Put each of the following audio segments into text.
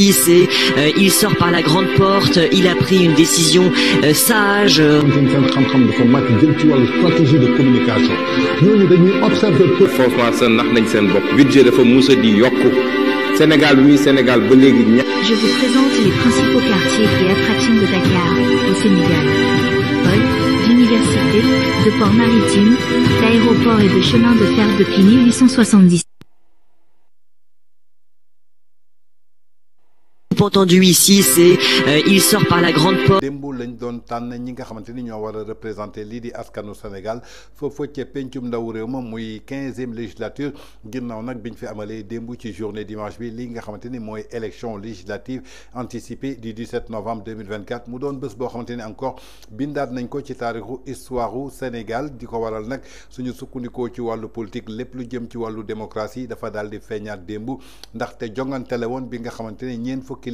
Euh, il sort par la grande porte, il a pris une décision euh, sage. Je vous présente les principaux quartiers et attractions de Dakar au Sénégal. Paul, de port maritime, l'aéroport et de chemin de fer depuis 1870. entendu ici, c'est euh, il sort par la grande porte. démb lañ doon tànn ñi nga xamante ñoo war a représenté di askanu Sénégal fofu ci pencum ndaw réew ma muy 15e législature ginnaw nak biñ fi amalé démb ci journée dimanche bi li nga xamanteni moy élection législative anticipée du 17 novembre 2024 mu doon bëss bo xamanteni encore bindaat nañ ko ci taarixu histoireu Sénégal diko waral nak suñu sukkandikoo ci walu politique lepp lu jëm ci walu démocratie dafa daldi di feeñaat ndax té jongante la bi nga xamanteni ñeen ñeent fukki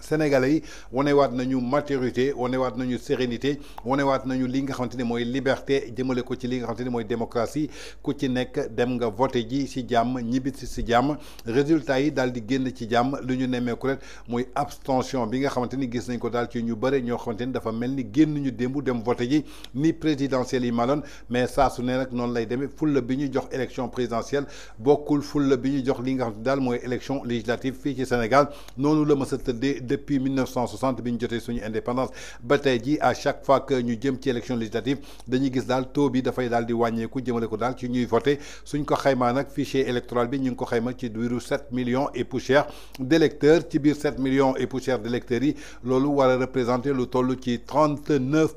sénégalais yi wat nañu maturité wat nañu sérénité wat nañu li nga xamanteni moy liberté jëmale ko ci li nga xamanteni moy démocratie ku ci nek dem nga voter ji jamm ñibit ci ci jamm résultat yi dal di génn ci jamm lu ñu ko rek moy abstention bi nga xamanteni ni gis nañ ko dal ci ñu bëre ñoo xamanteni ni dafa melni ni génn ñu dembu dem voter ji ni présidentielle yi malone mais ça, su né nag non lay démé fulla bi ñu jox élection présidentielle bokul fulla bi ñu jox li nga xamanteni dal moy élection législative fi ci Sénégal nonu nous le depuis 1960 bi ñu jotee suñu indépendance ba tey à chaque fois que ñu jëm ci élection législative dañuy gis dal taux bi fay dal di wàññeeku jëmale ko dal ci ñuy voté suñ ko xaymaa nak fichier électoral bi ñu ngi ko xayma ci 7 millions et poussière d'électeurs ci biir 7 millions et poussière d'électeurs yi loolu war a représenter lu toll ci 39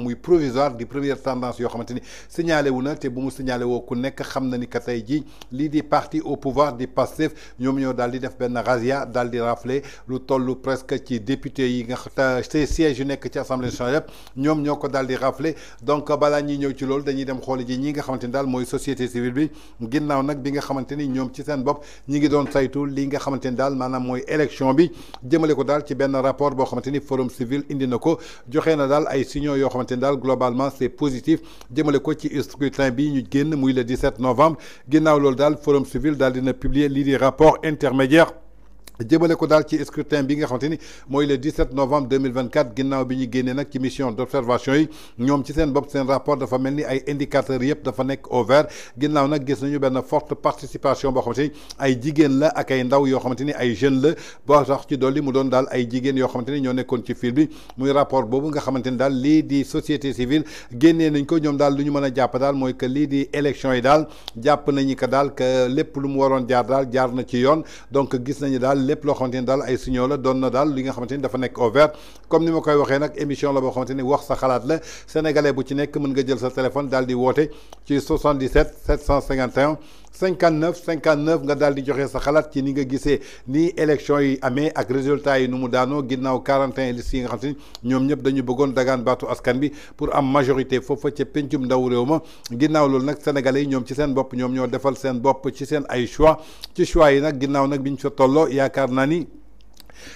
provisoire di première tendance yo xamanteni signalé wuna té te bu mu signalé wo ku nek xamna ni di parti au pouvoir di passif ñom ñoo dal di def ben dal di rafler lu tollu presque ci député yi nga xam siège nek qui ci assemblée nationale ñom ñoko dal di rafler donc bala ñi ñew ci lool dañuy dem xol ji ñi nga xamanteni dal moy société civile bi ginnaw nak bi nga xamanteni ñom ci seen bop ñi ngi doon saytu li nga xamanteni dal manam élection bi jëmele ko qui ci ben rapport bo forum civil indi nako joxé na ay signaux globalement c'est positif jëmale ko ci scrutin bi ñu le 17 novembre le lool forum civil dal dina publier rapports intermédiaires. rapport intermédiaire jëmale ko dal ci scrutin bi nga xamanteni moy le 17 novembre 2024 ginnaw biñu ñu nak ci mission d'observation yi ñom ci seen bopp seen rapport dafa melni ay indicateurs yépp dafa nek au vert ginnaw nak gis nañu benn forte participation bo xamanteni ay jigéen la ak ay ndaw yo xamanteni ay jeunes la bo sax ci doli mu don dal ay jigéen yo xamanteni ni ñoo nekkoon ci fil bi muy rapport bobu nga xamanteni dal li di société civile génnee nañ ko ñom dal lu ñu mën a jàpp daal que li di élection yi dal japp nañu que dal que lepp lu mu waron jaar dal jaar na ci yoon donc gis nañu dal lépp loo xamante ni daal ay signaux la doon na daal li nga xamante ni dafa nekk au vert comme ni ma koy waxee nag émission la boo xamante ni wax sa xalaat la sénégalais bu ci nekk mën nga jël sa téléphone daal di woote ci 77 751 59 59 nga dal di joxe sa xalat ci ni nga gisee ni élection yi amee ak résultat yi nu mu daanoo ginnaaw 41 liste yi nga xam si ñoom ñëpp dañu bëggoon dagaan baatu askan bi pour am majorité foofa ca pencum ndaw réew ma ginnaaw loolu nag sénégalais yi ñoom ci seen bopp ñoom ñoo defal seen bopp ci seen ay choix ci choix yi nag ginnaaw nag fa tolloo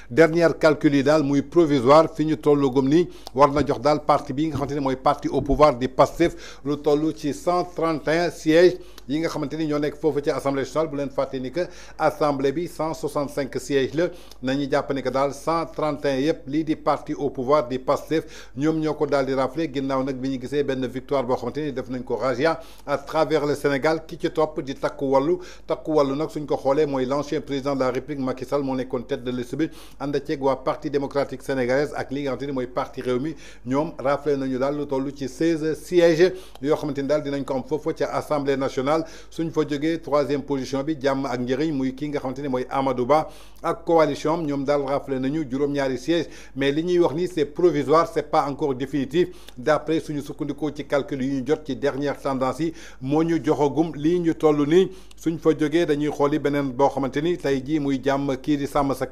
dernière calcul yi daal muy provisoire fi ñu gum ni war jox daal parti bi nga xamante ne parti au pouvoir di passif, lu toll ci 131 sièges yi nga xamante ni ñoo nekk foofu ci assemblée nationale bu leen fàtte ni que assemblée bi 165 sièges la nañu jàpp ni que daal cent trente yëpp lii di parti au pouvoir di Pastef ñoom ñoo ko daal di raflé ginnaaw nag bi ñu gisee benn victoire boo xamante ni def nañ ko ragia à travers le Sénégal ki ci topp di takku wàllu takku wàllu nag suñ ko xoolee mooy l' ancien président de la République Macky Sall moo nekkoon tête de liste bi ànd ceeg waa parti démocratique sénégalaise ak li nga xamante ni mooy parti réew mi ñoom raflé nañu daal lu toll ci 16 sièges yoo xamante ni daal dinañ ko am foofu ci assemblée nationale. Sénégal suñ fa 3 troisième position bi jam ak njëriñ muy ki nga xamanteni moy Amadou Ba ak coalition ñom dal raflé rafle nañu juroom ñaari siège mais li ñuy wax ni c'est provisoire c'est pas encore définitif d'après suñu sukkandikoo ci calcul yi ñu jot ci dernière tendance yi mo ñu joxagum li ñu tollu ni suñ fa jógee dañuy xoli benen bo xamanteni tay ji muy Jam Kiri, di sàmm sa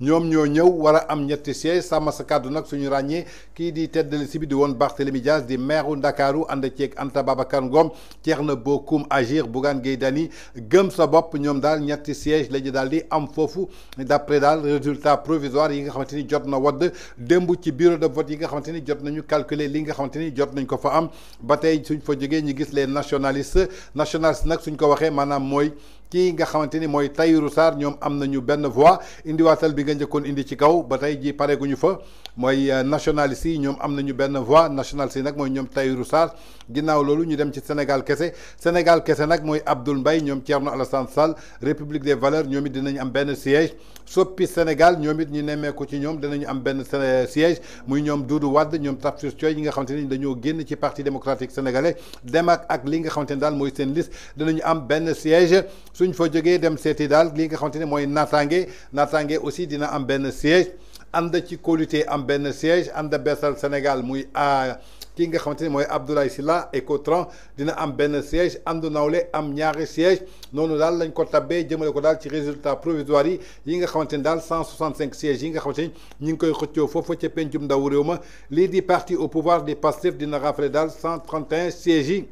ñoom ñoo ñëw war am ñetti siège sàmm sa kàddu nag suñu ràññee kii di teddali si bi di woon Barthélémy Dias di maire u Ndakaaru ànd ceeg Anta Babacar Ngom Thierno Bocoum Agir Bougane Gueye Dany gëm sa bopp ñoom daal ñetti siège la ñu daal di am foofu d'après daal résultat provisoire yi nga xamante ni jot na wadd démb ci bureau de vote yi nga xamante ni jot nañu calculer li nga xamante ni jot nañ ko fa am ba tey suñ fa jógee ñu gis les nationalistes nationalistes nag suñ ko waxee maanaam mooy kii nga xamante ni mooy Tahirou Sarr ñoom am nañu benn voix indiwaatal bi nga njëkkoon indi ci kaw ba tey ji pare guñu fa mooy euh, national yi ñoom am nañu benn voix nationalistes yi nag mooy ñoom Tahirou Sarr ginnaaw loolu ñu dem ci Sénégal kese Sénégal kese nag mooy Abdoul mbay ñoom Thierno Alassane Sall République des valeurs ñoom it dinañ am benn siège Soppi Sénégal ñoom it ñu nemmeeku ci ñoom dinañu am benn euh, siège muy ñoom Doudou Wade ñoom Tafsir Thioye ñi nga xamante ni dañoo génn ci parti démocratique sénégalais dem ak ak li nga xamante daal mooy seen liste am benn siège suñ fa jógee dem seeti daal li nga xamante ne mooy naataange naataange aussi dina am benn siège. ànd ci colité am ben siège ànd beesal Sénégal muy a ki nga xamanteni moy abdoulaye Abdoulaye Sylla Ecotran dina am ben siège àndu nawlé am ñaari siège nonu dal lañ ko tabé jëmale ko dal ci résultat provisoire yi nga xamanteni dal 165 sièges yi nga xamanteni ni ñi ngi koy xëccoo fofu ci penjum ndaw réew li di parti au pouvoir di Pastef dina rafle daal 131 sièges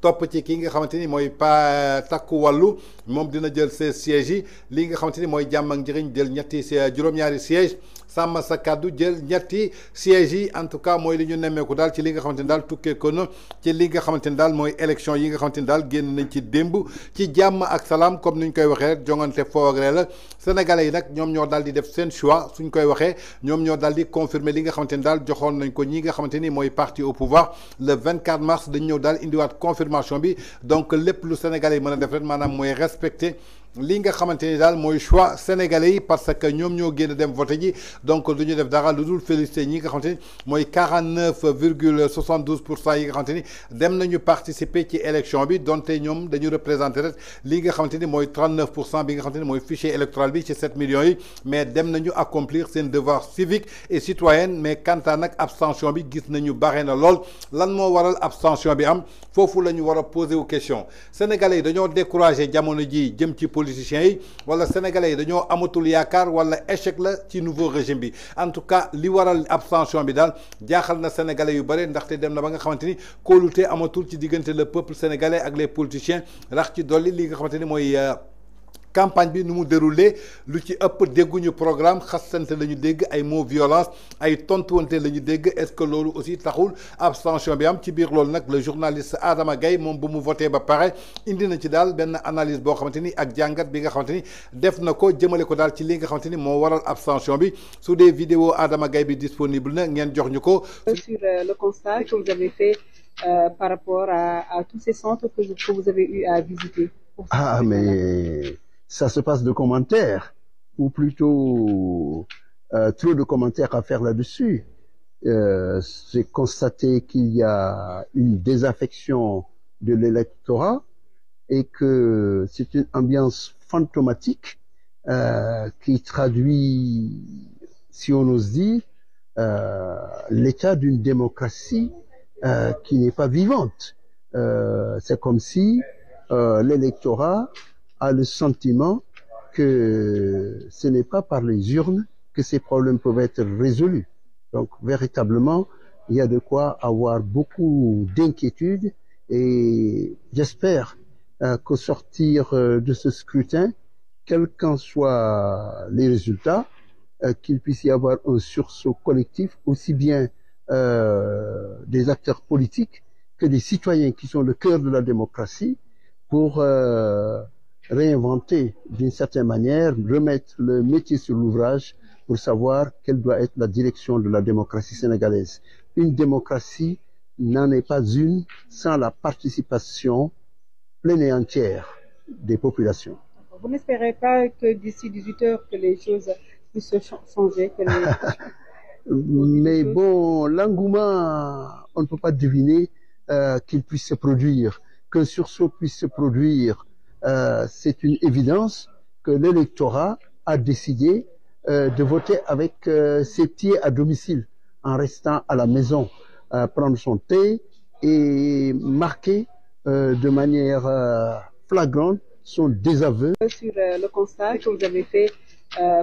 topp ci kii nga xamante ni mooy pa takku wàllu moom dina jël seize sièges yi lii nga xamante ni mooy jàmm ak njëriñ jël ñetti juróom-ñaari sièges Sama sa kàddu jël ñetti siège en tout cas moy li ñu nemmeeku dal ci li nga xamanteni dal daal ko no ci li nga xamanteni dal moy élection yi nga xamanteni dal daal génn nañ ci démb ci jamm ak salam comme niñ koy waxé rek jongante foo ak ree la sénégalais yi nak ñom ñoo dal di def sen choix suñ koy waxé ñom ñoo dal di confirmer li nga xamanteni dal joxon nañ ko ñi nga xamanteni moy parti au pouvoir le 24 mars dañ dal indi indiwaat confirmation bi donc lepp lu sénégalais mëna def rek manam moy respecter li nga xamante ni daal mooy choix sénégalais yi parce que ñoom ñoo génn dem voté ji donc du ñu def dara lu dul félicité ñi nga xamante ni mooy quarante virgule soixante pour cent yi nga xamante ni dem nañu participer ci élection bi donte ñoom dañu représenté rek li nga xamante ni mooy trente pour cent bi nga xamante ni mooy fichier électoral bi ci 7 millions yi mais dem nañu accomplir seen devoir civique et citoyen mais quant à nag abstention bi gis nañu bare na lool lan moo waral abstention bi am foofu la ñu war a posé wu question sénégalais yi dañoo découragé jamono ji jëm ci politique politiciens wala sénégalais amatul yaakaar wala échec nouveau régime en tout cas li abstention bi sénégalais yu dem na nga le peuple sénégalais ak les politiciens campagne bi nu mu déroulé lu ci ëpp ñu programme xassante la ñu dégg ay mots violence ay tontuwante la ñu dégg est-ce que loolu aussi taxul abstention bi am ci biir le journaliste Adama Gaye moom bu mu voté ba pare indi na ci daal benn analyse boo xamante ni ak jàngat bi nga xamante def na ko jëmale ko daal ci li nga waral abstention bi su des vidéos Adama Gaye bi disponible na ngeen jox ñu euh, sur euh, le constat que vous avez fait euh, par rapport à, à tous ces centres que vous, que vous avez eu à visiter. Ah mais ça se passe de commentaires, ou plutôt euh, trop de commentaires à faire là-dessus. Euh, c'est constaté qu'il y a une désaffection de l'électorat et que c'est une ambiance fantomatique euh, qui traduit, si on ose dire, euh, l'état d'une démocratie euh, qui n'est pas vivante. Euh, c'est comme si l'électorat a le sentiment que ce n'est pas par les urnes que ces problèmes peuvent être résolus. Donc véritablement, il y a de quoi avoir beaucoup d'inquiétude et j'espère euh, qu'au sortir euh, de ce scrutin, quels qu'en soient les résultats, euh, qu'il puisse y avoir un sursaut collectif, aussi bien des acteurs politiques que des citoyens qui sont le cœur de la démocratie, pour réinventer d'une certaine manière, remettre le métier sur l'ouvrage pour savoir quelle doit être la direction de la démocratie sénégalaise. Une démocratie n'en est pas une sans la participation pleine et entière des populations. Vous n'espérez pas que d'ici 18 heures que les choses puissent changer Mais bon, l'engouement, on ne peut pas deviner euh, qu'il puisse se produire, qu'un sursaut puisse se produire, euh, c'est une évidence que l'électorat a décidé euh, de voter avec euh, ses pieds à domicile, en restant à la maison, prendre son thé et marquer de manière flagrante son désaveu. Sur le constat que vous avez fait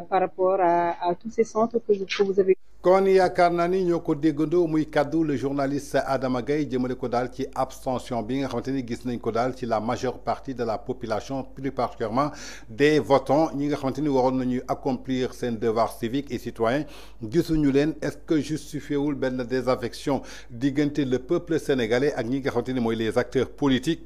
par rapport à tous ces centres que vous avez kon yaakaar naa ni ñoo ko déggandoo muy kaddu le journaliste Adama Gaye jëmale ko daal ci abstention bi nga xamante ni gis nañ ko daal ci la majeure partie de la population plus particulièrement des votants ñi nga xamante ni waroon nañu accomplir seen devoir civique et citoyen gisuñu leen est-ce que justifié wul benn désaffection diggante le peuple sénégalais ak ñi nga xamante ni mooy les acteurs politiques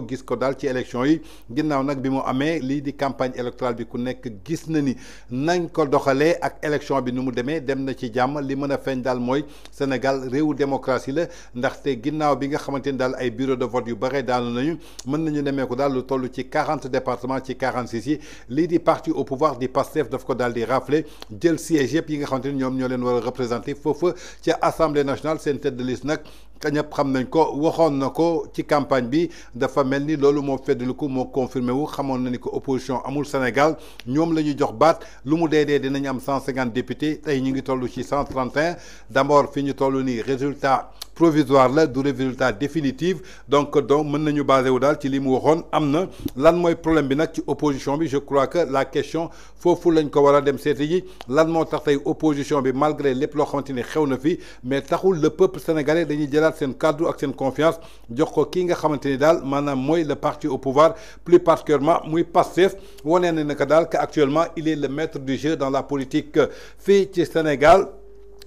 ko gis ko daal ci élection yi ginnaw nak bi amé li di campagne électorale bi ku nek gis na ni nañ ko doxalé ak élection bi numu démé dem na ci jamm li mëna feñ dal moy Sénégal réewu démocratie la té ginnaw bi nga xamante dal ay bureau de vote yu bari et nañu mën nañu demee ko dal lu tollu ci 40 départements ci 46 partie yi li di parti au pouvoir di PASTEF daf ko dal di raflé djel siège yëpp yi nga xamante ñom ñoleen wara représenter fofu ci assemblée nationale seen tête de liste nak ka ñëpp xam nañ ko waxon nako ci campagne bi dafa melni ni mo moo ko mo confirmer wu xamoon ni ko opposition amul Sénégal ñom la jox baat lu mu dee dinañ am 150 cinquante députés tey ñu ngi tollu ci 131 d'abord fiñu tollu ni résultat provisoire la du résultat définitif donc donc mën nañu basé wu dal ci li mu amna am na lan problème bi nak ci opposition bi je crois que la question fofu lañ ko wara dem seeti yi lan mo tax tay opposition bi malgré lepp lo xamanteni xewna fi mais taxul le peuple sénégalais dañuy jëlat un cadre ak sen confiance jox ko ki nga xamanteni dal manam moy le parti au pouvoir plus particulièrement muy passef woné na ne que que actuellement il est le maître du jeu dans la politique fi ci Sénégal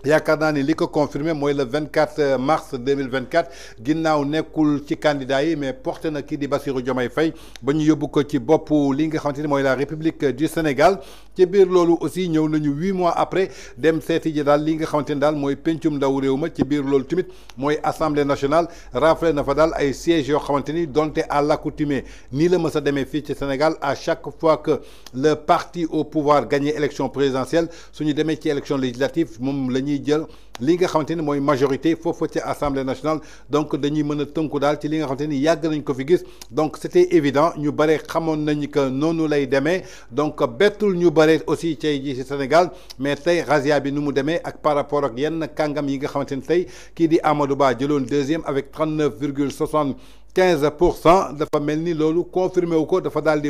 yaakaar naa ni li ko confirmé mooy le 24 euh, mars 2024 ginnaw nekul ci candidat yi mais porté na ki di Bassirou Diomaye Faye ba yobou ko ci bopp li nga moy la République du Sénégal ci biir loolu aussi ñëw nañu huit mois après dem seeti ji daal li nga xamante ne daal mooy pencum ndaw réew ma ci biir loolu tamit mooy assemblée nationale rafle na fa daal ay sièges yoo xamante ni à l'accoutumée nii la mës a demee fii ci Sénégal à chaque fois que le parti au pouvoir gagner élection présidentielle suñu demee ci élection législative moom la ñuy jël li nga xamante ni mooy majorité foofu ci assemblée nationale donc dañuy mën a tënku daal ci li nga xamante ni nañ ko fi gis donc c'était évident ñu bare xamoon nañ que noonu lay demee donc bettul ñu bare aussi chez jii Sénégal mais c'est Razia bi numu mu ak par rapport ak yenn kangam yi nga xamanteni tay ki di deuxième avec 39,75 de la dafa mel ni loolu confirmé wu ko dafa daal di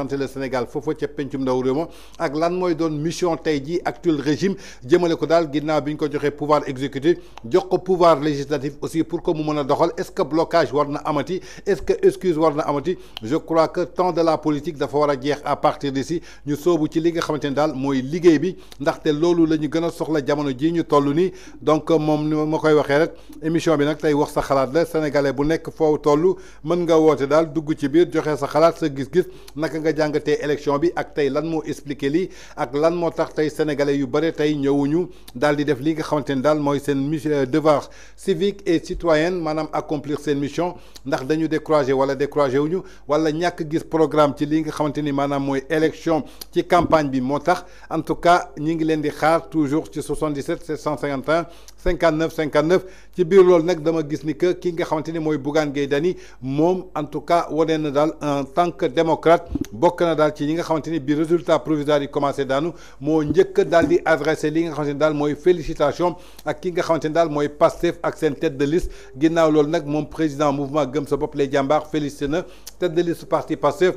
représenter le Sénégal fofu ci pencum ndaw réew à ak lan moy mission tayji actuel régime jëmele ko dal, ginnaw biñ ko joxé pouvoir exécutif jox ko pouvoir législatif aussi pour que mu doxal est-ce que blocage warna na amati est-ce que excuse warna na amati je crois que tant de la politique dafa à dire jeex à partir d'ici ñu sommes ci li nga xamante dal moy mooy liggéey bi ndaxte lolu lañu gëna soxla jamono ji ñu tollu ni donc mon ni ma koy waxé rek émission bi nak tay wax sa xalaat la sénégalais bu nekk fofu tollu mën nga woote daal dugg ci biir joxé sa xalaat sa gis-gis naka nga jàngatee élection bi ak tay lan mo expliquer li ak lan mo tax tay sénégalais yu bari tay ñëwuñu dal di def li nga xamante dal moy mooy mission euh, devoir civique et citoyenne manam accomplir seen mission ndax dañu décroiser wala découragé wuñu wala ñak gis programme ci li nga xamante manam moy élection ci campagne bi moo tax en tout cas ñi ngi leen di xaar toujours ci 77 751 59 59 ci biir lool nak dama gis ni que ki nga xamante moy Bougane Gueye Dany en tout cas wane na en tant que démocrate bokk na ci nga xamanteni bi résultat provisoire yi commencé daanu mo njëkk dal di adresser li nga xamanteni dal moy félicitations ak ki nga xamanteni dal moy mooy Pastef ak sen tête de liste ginnaw lool nak moom président mouvement gëm sa bop lay jambar félicité na tête de liste parti Pastef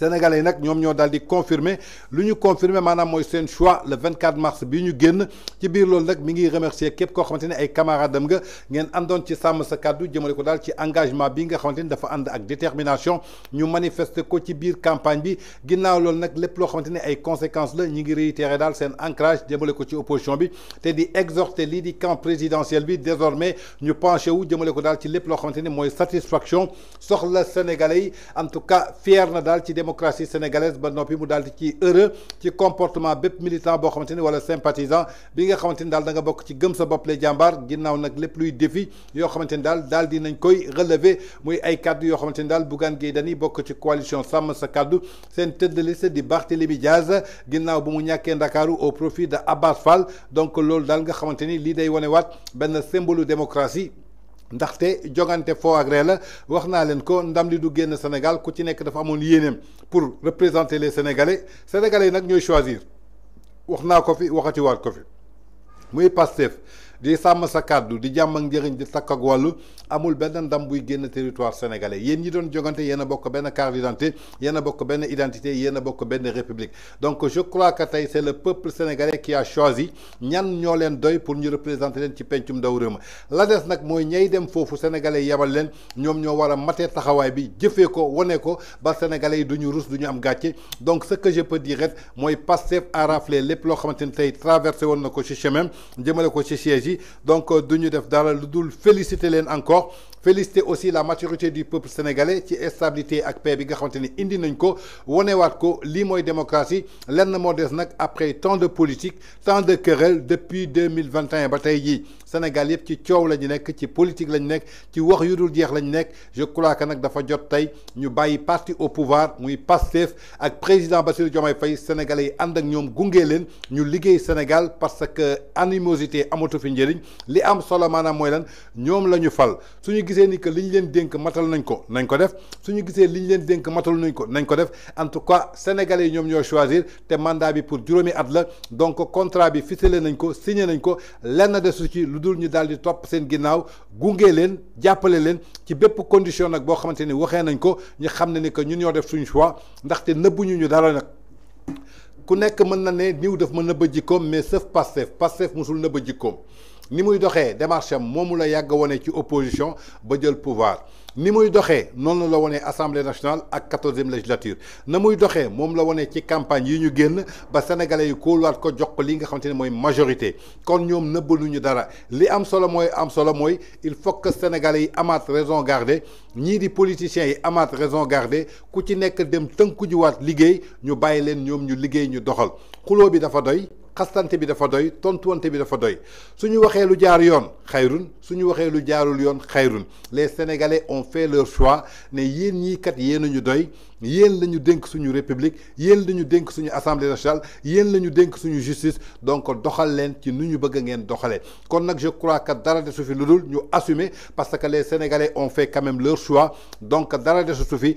sénégalais nak ñom ñoo daldi confirmer lu ñu confirmer manam moy sen choix le 24 mars bi ñu génn ci biir lool nak mi ngi remercier képp ko xamanteni ay camarades am nga ngeen àndoon ci sam sa cadeau jëmele ko dal ci engagement bi nga xamanteni dafa and ak détermination ñu manifester ko ci biir campagne bi ginnaaw lool nak lepp lo xamanteni ay conséquences la ñi ngi réitérer dal sen ancrage jëmele ko ci opposition bi té di exhorter li di camp présidentiel bi désormais ñu penché wu jëmele ko dal ci lepp lo xamanteni moy satisfaction soxla sénégalais en tout cas fier na dal ci démocratie sénégalaise ba nopi mu dal ci heureux ci comportement des militant bo de sympathisants. wala sympathisant bi nga xamante dal qui da nga bok ci gëm sa bop les jambar ginnaw nak lépp luy défi yo xamante dal d'Al, di nañ koy relever muy ay cadre yo xamante dal daal Bougane dañi bok ci coalition sam sa cadre sen tête de liste di Barthélémy Diaz ginnaw bu mu dakar au profit de Abbas Fall donc lool dal nga l'idée li day woné wat ben symbole démocratie ndaxte jogante foo ak la wax naa leen ko ndam li du génn Sénégal ku ci nekk dafa amoon yéeneem pour représenter les Sénégalais Sénégalais yi nag ñooy choisir wax naa ko fi waxati ko fi muy Pastef di sàmm sa kaddu di jam ak njëriñ di tak ak walu amul benen ndam buy génn territoire sénégalais yéen ñi doon jogante yéen bokk benn carte d'identité yéen bokk benn identité yéen bokk benn république donc je crois que tay c'est le peuple sénégalais qui a choisi ñan ñoo leen doy pour ñu représenter leen ci pencum ndaw la des nak moy ñay dem fofu sénégalais yebal leen ñom ñoo war maté taxaway bi jëfé ko woné ko ba sénégalais duñu du ñu rus du am gatché donc ce que je peux dire rek mooy à a raflé lépp loo xamante ni tey traversé woon ci chemin jëmele ko ci siège donc euh, duñu def dara le dul féliciter encore féliciter aussi la maturité du peuple sénégalais ci stabilité ak paix bi nga xamante ni indi nañ ko wat ko démocratie lenn mo après tant de politiques, tant de querelles depuis 2021. Sénégal yëpp ci coow la ñu nekk ci politique lañu nekk ci wax yu dul jeex lañu nekk je crois que nag dafa jot tey ñu bàyyi parti au pouvoir muy Pastef ak président Bassirou Diomaye Faye sénégalais yi ànd ak ñoom gunge leen ñu liggéey Sénégal parce que animosité amatu fi njëriñ li am solo maanaam mooy lan ñoom la ñu fal suñu gisee ni que li ñu leen dénk matal nañ ko nañ ko def suñu gisee li ñu leen dénk matal nañ ko nañ ko def en tout cas sénégalais yi ñoom ñoo choisir te mandat bi pour juróomi at la donc contrat bi ficelé nañ ko signé nañ ko lenn desu ci lu dul ñu daal di topp seen ginnaaw gunge leen jàppale leen ci bépp condition nag boo xamante ni waxee nañ ko ñu xam ne ni que ñun ñoo def suñu choix ndaxte nëbbuñu ñu ñu dara nag. ku nekk mën na ne niw daf ma nëbba jikkoom mais sauf Pastef Pastef musul nëbba jikkoom ni muy doxee démarche am moomu la yàgg wone ci opposition ba jël pouvoir. ni muy doxé non la woné assemblée nationale ak quatorzième législature na muy doxé mom la woné ci campagne yi ñu génn ba sénégalais yi kóoluwaat ko jox ko li nga xamante ne majorité kon ñoom ñu dara li am solo moy am solo moy il faut que sénégalais yi amat raison garder ñi di politiciens yi amat raison garder ku ci nekk dem tënku wat liggéey ñu bàyyi leen ñoom ñu liggéey ñu doxal xulo bi dafa doy xastante bi dafa doy tontuwante bi dafa doy suñu waxee lu jaar yoon xayrun suñu waxee lu jaarul yoon xayrun les sénégalais ont fait leur choix ne yéen ñii kat yéen ñu doy yéen lañu dénk suñu république yéen lañu dénk suñu assemblée nationale yéen lañu dénk suñu justice donc doxal leen ci nu ñu bëgg ngeen doxalee kon nag je crois que dara desu fi lu dul ñu assumer parce que les sénégalais ont fait quand même leur choix donc dara desu fi.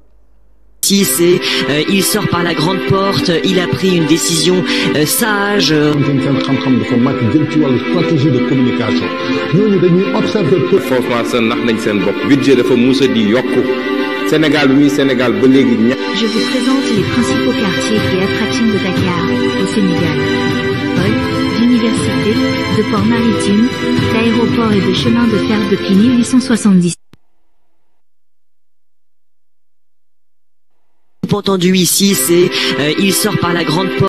justice et euh, il sort par la grande porte, il a pris une décision euh, sage. xam-xam stratégie de communication observer pour François Assane nax nañ seen budget dafa musa di Sénégal oui Sénégal ba Je vous présente les principaux quartiers et attractions de Dakar au Sénégal. d'Université, de port maritime, d'aéroport et de chemin de fer depuis 1870. entendu ici, c'est euh, il sort par la grande porte.